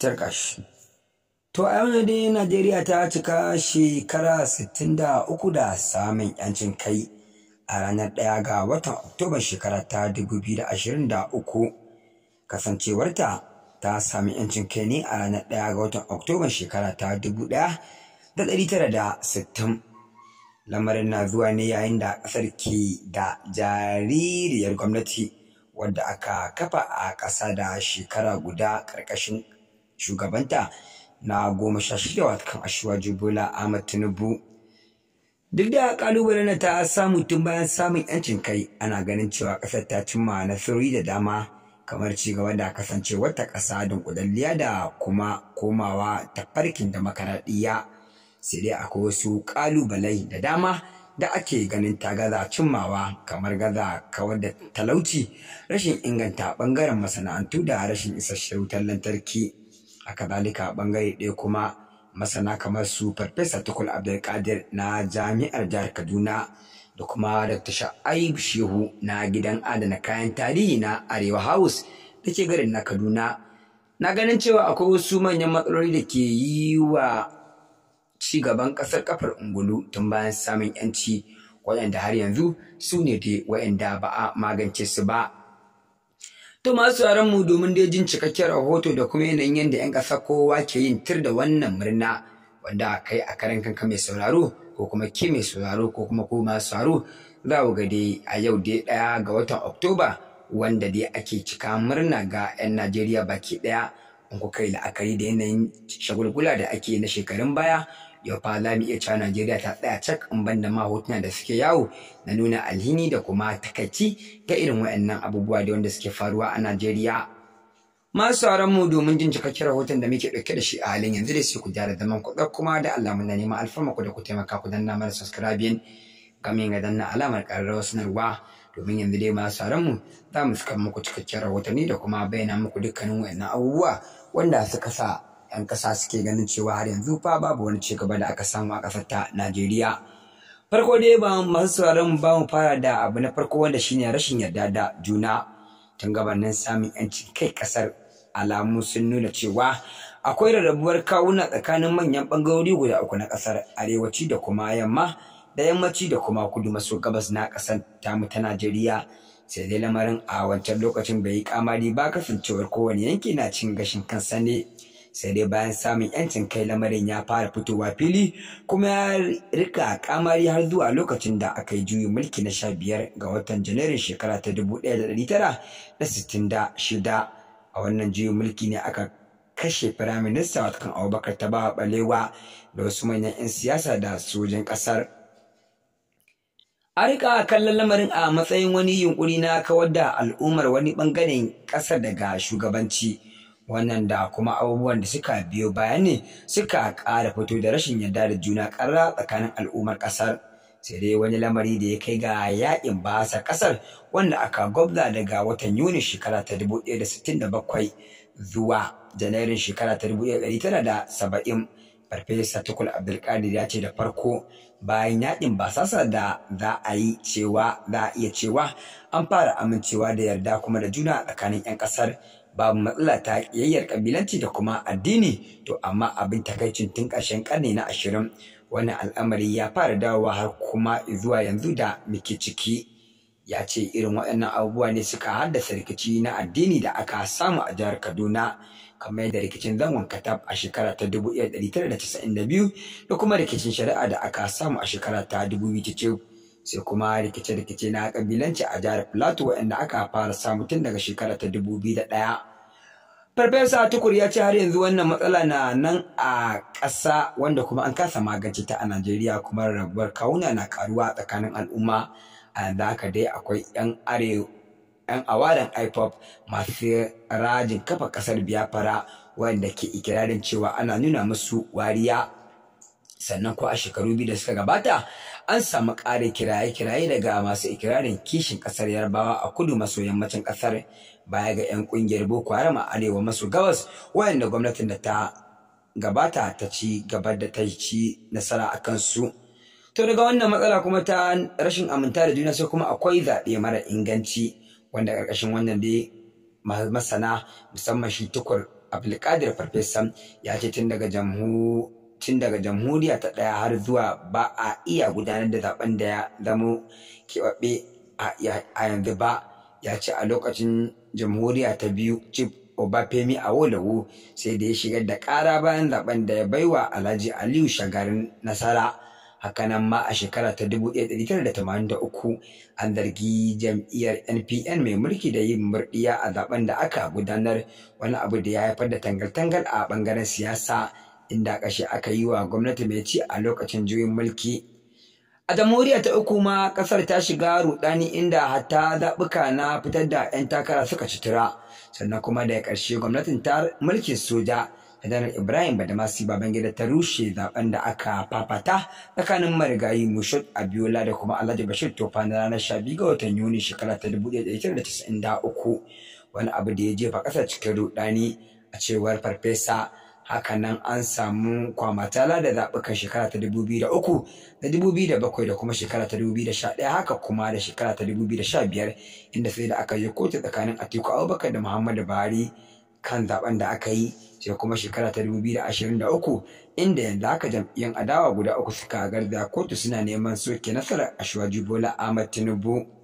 tarka to a yau dai najeriya ta cika shekara 63 da samun yancin kai a ranar 1 ga watan oktoba shekara ta 2023 kasancewarta ta sami yancin kai ne a ranar 1 ga watan oktoba shekara ta 1960 lamarin na zuwa ne yayin da ƙasar ke da jaririyar gwamnati wadda aka kafa a ƙasa da shekara guda ƙarƙashin shugabanta na goma sha shida watakan ashewa Bola Ahmad Tinubu. Duk da kalubale na ta samu tun bayan samun yancin kai ana ganin cewa ƙasar ta cimma nasarori da dama kamar cigaba gaba da kasance wata ƙasa ƙudalliya da kuma komawa ta farkin demokaradiyya sai dai akwai wasu ƙalubalai da dama da ake ganin ta gaza cimmawa kamar gaza kawar da talauci rashin inganta ɓangaren masana'antu da rashin isasshen wutar lantarki haka zalika bangare ɗaya kuma masana kamar su farfesa tukul abdulkadir na jami'ar jihar kaduna da kuma dr sha'aib shehu na gidan adana kayan tarihi na arewa house da ke garin na kaduna na ganin cewa akwai wasu manyan matsaloli da ke yi wa ci gaban ƙasar kafar ungulu tun bayan samun yanci waɗanda har yanzu su ne dai waɗanda ba a magance su ba To masu yaran mu domin dai jin cikakken rahoto da kuma yanayin yadda 'yan ƙasa kowa ke yin tir da wannan murna wanda kai a karan kanka mai sauraro ko kuma ke mai sauraro ko kuma ko masu sauraro za ku ga dai a yau dai ɗaya ga watan Oktoba wanda dai ake cika murna ga 'yan Najeriya baki ɗaya in kuka yi la'akari da yanayin shagulgula da ake na shekarun baya yau fa za mu iya cewa Najeriya ta tsaya cak in banda ma hotuna da suke yawo na nuna alhini da kuma takaici ta irin wayannan abubuwa da wanda suke faruwa a Najeriya. Masu sauran mu domin jin cikakken rahoton da muke ɗauke da shi a halin yanzu dai sai ku gyara zaman ku kuma da Allah muna neman alfarma ku da ku taimaka ku danna mana subscribing kamar ga danna alamar ƙararrawar sanarwa domin yanzu dai masu sauran mu za mu saka muku cikakken rahotanni da kuma bayyana muku dukkanin waɗannan abubuwa wanda suka sa 'yan ƙasa suke ganin cewa har yanzu fa babu wani ci gaba da aka samu a ƙasar ta Najeriya. Farko dai ba masu sauraron ba mu fara da abu na farko wanda shine rashin yarda da juna tun gabanin samun 'yancin kai ƙasar alamu sun nuna cewa akwai rarrabuwar kawuna tsakanin manyan bangarori guda uku na ƙasar arewaci da kuma yamma da yammaci da kuma kudu maso gabas na ƙasar tamu ta Najeriya sai dai lamarin a wancan lokacin bai yi kamari ba cewar kowane yanki na cin gashin kansa ne sai dai bayan samun yancin kai lamarin ya fara fitowa fili kuma ya rika kamari har zuwa lokacin da aka yi juyin mulki na sha biyar ga watan janairun shekara ta dubu ɗaya da ɗari tara da sittin da shida a wannan juyin mulki ne aka kashe firaminista kan abubakar ta bawa balewa da wasu manyan 'yan siyasa da sojin ƙasar a rika kallon lamarin a matsayin wani yunkuri na kawar da al'ummar wani bangaren ƙasar daga shugabanci wannan da kuma abubuwan da suka biyo bayan ne suka ƙara fito da rashin yarda da juna ƙarra tsakanin al'ummar ƙasar sai dai wani lamari da ya kai ga yaƙin basa ƙasar wanda aka gwabza daga watan yuni shekara ta dubu ɗaya da da sittin bakwai. zuwa janairun shekara ta dubu ɗaya da saba'in. farfesa tukul abdulkadir ya ce da farko bayan yaƙin basasa da za a yi cewa za a iya cewa an fara amincewa da yarda kuma da juna tsakanin 'yan ƙasar babu matsala ta ƙiyayyar kabilanci da kuma addini to amma abin takaicin tun ƙarshen ƙarni na ashirin wannan al'amari ya fara dawowa har kuma zuwa yanzu da muke ciki ya ce irin waɗannan abubuwa ne suka haddasa rikici na addini da aka samu a jihar kaduna kamar yadda rikicin zangon katab a shekara ta 1992 da kuma rikicin shari'a da aka samu a shekara ta 2000 sai kuma rikice-rikice na kabilanci a jihar Plateau waɗanda aka fara samu tun daga shekara ta 2001 Farfesa Tukur ya ce har yanzu wannan matsala na nan a ƙasa wanda kuma an kasa magance ta a Najeriya kuma rabuwar kauna na karuwa tsakanin al'umma a yanzu haka dai akwai 'yan arewa 'yan awadan IPOP masu rajin kafa ƙasar biyafara, wanda ke ikirarin cewa ana nuna musu wariya sannan ko a shekaru biyu da suka gabata an samu ƙare kiraye-kiraye daga masu ikirarin kishin ƙasar yarbawa a kudu maso yammacin ƙasar baya ga 'yan ƙungiyar boko haram a arewa maso gabas wayanda gwamnatin da ta gabata ta ci gaba da ta ci nasara a kansu to daga wannan matsala kuma ta rashin aminta da juna sai kuma akwai zaɓe mara inganci wanda ƙarƙashin wannan dai masana musamman shi tukur abdulkadir farfesa ya ce tun daga jamhu tun daga jamhuriya ta ɗaya har zuwa ba a iya gudanar da zaɓen da ya zamo keɓaɓɓe a yanzu ba ya ce a lokacin jamhuriya ta biyu chief obafemi awolowo sai da ya shigar da ƙara bayan zaɓen da ya baiwa alhaji aliyu shagarin nasara hakanan ma a shekara ta 1983 an zargi jam'iyyar npn mai mulki da yin murɗiya a zaɓen da aka gudanar wani abu da ya haifar da tangal-tangal a ɓangaren siyasa inda kashe aka yi wa gwamnati mai ci a lokacin juyin mulki. A jamhuriya ta uku ma kasar ta shiga rudani inda hatta zaɓuka na fitar da 'yan takara suka ci tura, sannan kuma da ya ƙarshe gwamnatin ta mulkin soja Janar Ibrahim Badamasi Babangida ta rushe zaben da aka fafata tsakanin marigayi Mushud Abiola da kuma Alhaji Bashir Tofa na ranar 12 ga watan Yuni shekara ta 1993 wani abu da ya jefa ƙasar cikin rudani a cewar farfesa hakanan an samu kwamatala da zaɓukan shekara ta dubu biyu da uku da dubu biyu da da bakwai kuma shekara ta dubu biyu da sha ɗaya haka kuma da shekara ta dubu biyu da sha biyar, inda sai da aka yi kotu tsakanin Atiku Abubakar da Muhammadu Buhari kan zaɓen da aka yi sai kuma shekara ta dubu biyu da da ashirin uku, inda yanzu haka jam'iyyar adawa guda uku suka garza kotu suna neman soke nasarar Ashwaji Bola Ahmad Tinubu.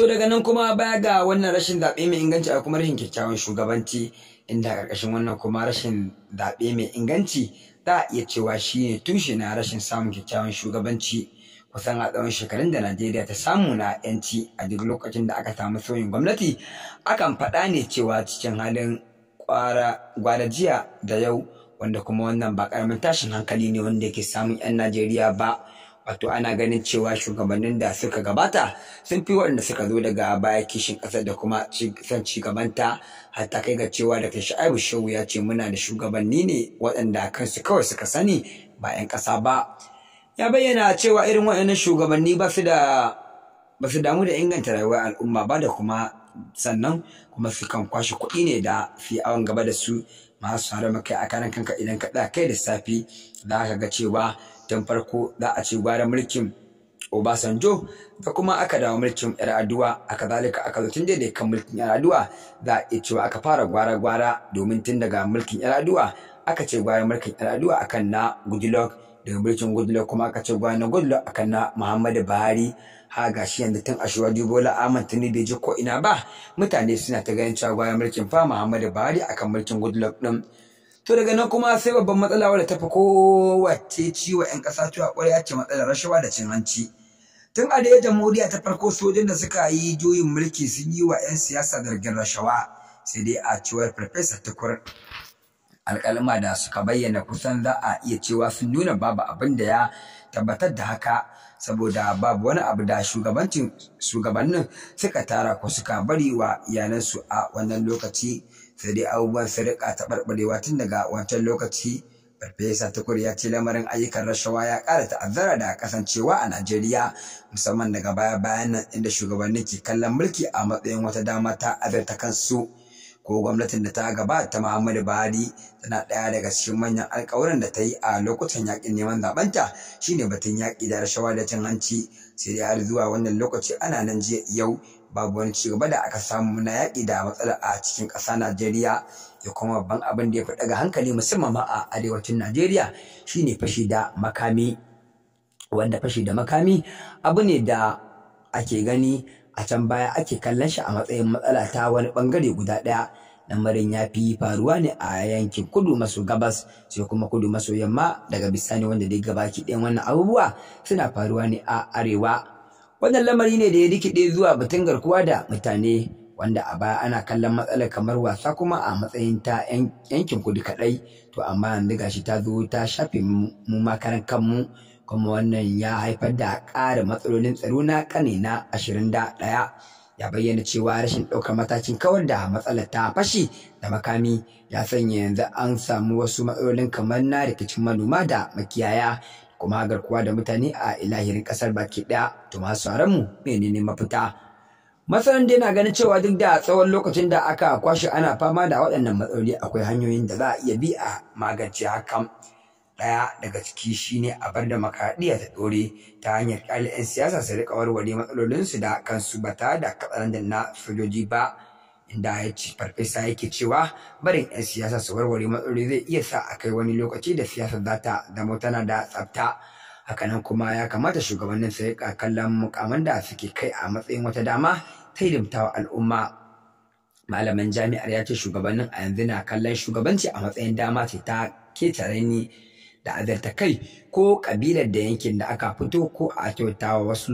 To daga nan kuma baya ga wannan rashin zaɓe mai inganci a kuma rashin kyakkyawan shugabanci inda ƙarƙashin wannan kuma rashin zaɓe mai inganci za a iya cewa shi ne tushe na rashin samun kyakkyawan shugabanci kusan a tsawon shekarun da Najeriya ta samu na yanci a duk lokacin da aka samu sauyin gwamnati akan faɗa ne cewa cikin halin gwara jiya da yau wanda kuma wannan ba ƙaramin tashin hankali ne wanda yake samun 'yan Najeriya ba. wato ana ganin cewa shugabannin da suka gabata sun fi waɗanda suka zo daga baya kishin ƙasar da kuma san son shugabanta hatta kai ga cewa da ta sha'ibu shehu ya ce muna da shugabanni ne waɗanda kansu kawai suka sani ba 'yan ƙasa ba ya bayyana cewa irin waɗannan shugabanni ba su da ba su damu da inganta rayuwar al'umma ba da kuma sannan kuma sukan kwashe kuɗi ne da fi awon gaba da su masu haramaka a kanan kanka idan ka ɗaya kai da safi za ka ga cewa tun farko za a ce gwara mulkin Obasanjo da kuma aka dawo mulkin aduwa a kazalika aka tun da kan mulkin aduwa za a iya cewa aka fara gwara-gwara domin tun daga mulkin yar aduwa aka ce gwara mulkin a akan na Goodluck daga mulkin Goodluck kuma aka ce gwara na Goodluck akan na Muhammadu Buhari ha gashi yanzu tun Ashwaju Bola Ahmad tuni bai je ko ina ba mutane suna ta ganin cewa gwara mulkin fa Muhammadu Buhari akan mulkin Goodluck din to daga nan kuma sai babban matsala wadda ta fi kowace ciwo 'yan ƙasa tuwa ƙwarya ce matsalar rashawa da cin hanci tun a da jamhuriya ta farko sojin da suka yi juyin mulki sun yi wa 'yan siyasa zargin rashawa sai dai a cewar farfesa tukur alƙalma da suka bayyana kusan za a iya cewa sun nuna babu abin da ya tabbatar da haka saboda babu wani abu da shugabancin shugabannin suka tara ko suka bari wa iyalansu a wannan lokaci sai dai abubuwan su rika taɓarɓarewa tun daga wancan lokaci farfesa tukur ya ce lamarin ayyukan rashawa ya ƙara ta'azzara da kasancewa a najeriya musamman daga baya bayan nan inda shugabanni ke kallon mulki a matsayin wata dama ta azarta kansu ko gwamnatin da ta gabata Muhammadu Buhari tana ɗaya daga cikin manyan alƙawuran da ta yi a lokutan yaƙin neman zaɓenta ne batun yaƙi da rashawa da cin hanci sai dai har zuwa wannan lokaci ana nan jiya yau babu wani cigaba da aka samu na yaƙi da matsala a cikin ƙasa Najeriya ya kuma babban abin da ya fi daga hankali musamman ma a arewacin Najeriya shi ne fashi da makami wanda fashi da makami abu ne da ake gani a can baya ake kallon shi a matsayin matsala ta wani bangare guda ɗaya lamarin ya fi faruwa ne a yankin kudu maso gabas sai kuma kudu maso yamma daga bisani wanda dai gabaki ɗayan wannan abubuwa suna faruwa ne a arewa wannan lamari ne da ya rikide zuwa batun garkuwa da mutane wanda a baya ana kallon matsalar kamar wasa kuma a matsayin ta yankin kudu kaɗai to amma yanzu gashi ta zo ta shafe mu makaran mu. kuma wannan ya haifar da ƙarin matsalolin tsaro na ƙane na ashirin da ɗaya ya bayyana cewa rashin ɗaukar matakin kawar da matsalar ta fashi da makami ya sanya yanzu an samu wasu matsalolin kamar na rikicin manoma da makiyaya kuma garkuwa da mutane a ilahirin ƙasar baki ɗaya to masu mu menene mafita Masanan dai na ganin cewa duk da tsawon lokacin da aka kwashe ana fama da waɗannan matsaloli akwai hanyoyin da za a iya bi a magance hakan. ɗaya daga ciki shine a bar da makaɗiya ta ɗore ta hanyar ƙyale 'yan siyasa su riƙa warware matsalolinsu da kansu ba ta da katsalandan na sojoji ba inda ya ci farfesa yake cewa barin 'yan siyasa su warware matsaloli zai iya sa a kai wani lokaci da siyasa za ta zama tana da tsafta hakanan kuma ya kamata shugabannin su riƙa kallon mukaman da suke kai a matsayin wata dama ta hidimtawa al'umma malaman jami'ar ya ce shugabannin a yanzu na kallon shugabanci a matsayin dama ce ta ketare ni da kai ko kabilar da yankin da aka fito ko a kyautawa wasu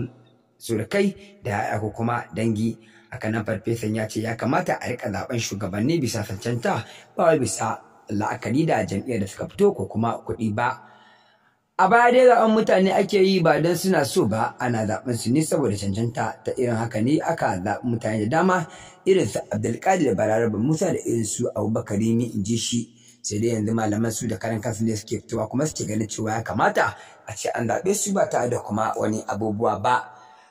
surukai da ya'ya ko kuma dangi haka nan farfesan ya ce ya kamata a rika zaben shugabanni bisa cancanta ba bisa la'akari da jam'iyyar da suka fito ko kuma kuɗi ba a baya dai zaben mutane ake yi ba don suna so ba ana zaben su ne saboda cancanta ta irin haka ne aka zaɓi mutane da dama irin su abdulkadir bararaba musa da irin su abubakar ne in ji shi sai dai yanzu malaman su da karan kansu ne suke fitowa kuma suke ganin cewa ya kamata a ce an zaɓe su ba tare da kuma wani abubuwa ba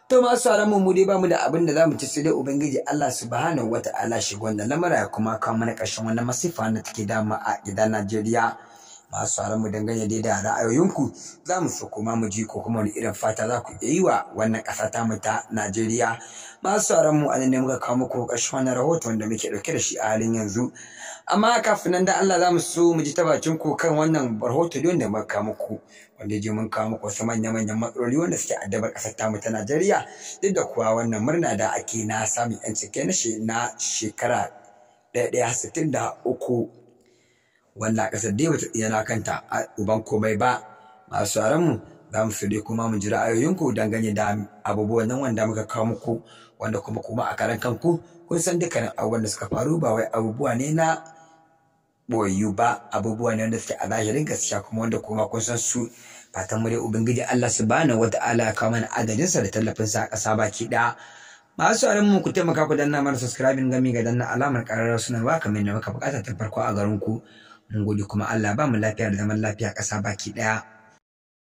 to ma sauran mu dai bamu da abin da zamu ci sai dai ubangiji Allah subhanahu wata'ala shi gwanda lamara ya kuma kawo mana ƙarshen wannan masifa da take dama a gidan Najeriya masu sauran mu dangane dai da ra'ayoyinku za mu so kuma mu ji ko kuma wani irin fata za ku iya yi wa wannan ƙasa ta mu ta Najeriya masu sauran mu anan ne muka kawo muku ƙarshen wannan rahoton wanda muke ɗauke da shi a halin yanzu amma kafin nan da Allah za mu so mu ji ta bakin ku kan wannan rahoton da wanda muka kawo muku wanda je mun kawo muku wasu manya-manyan matsaloli wanda suke addabar ƙasar mu ta Najeriya duk da kuwa wannan murna da ake na samun 'yancin kai na shekara ɗaya ɗaya sittin da uku wanda ƙasar dai bata na kanta uban komai ba masu mu za mu so kuma mu ji ra'ayoyinku dangane da abubuwan nan wanda muka kawo muku wanda kuma kuma a karan kanku kun san dukkanin abubuwan da suka faru ba wai abubuwa ne na boyu ba abubuwa ne wanda suke a zahirin gaskiya kuma wanda kuma kun san su fatan mu dai ubangiji Allah subhanahu wata'ala ya kawo mana adadin sa da tallafin sa a ƙasa baki ɗaya masu sauran mu ku taimaka ku danna mana subscribing gami ga danna alamar ƙararrar "Wa kamar yadda muka buƙata ta farko a garin ku mun gode kuma Allah ba mu lafiya da zaman lafiya ƙasa baki ɗaya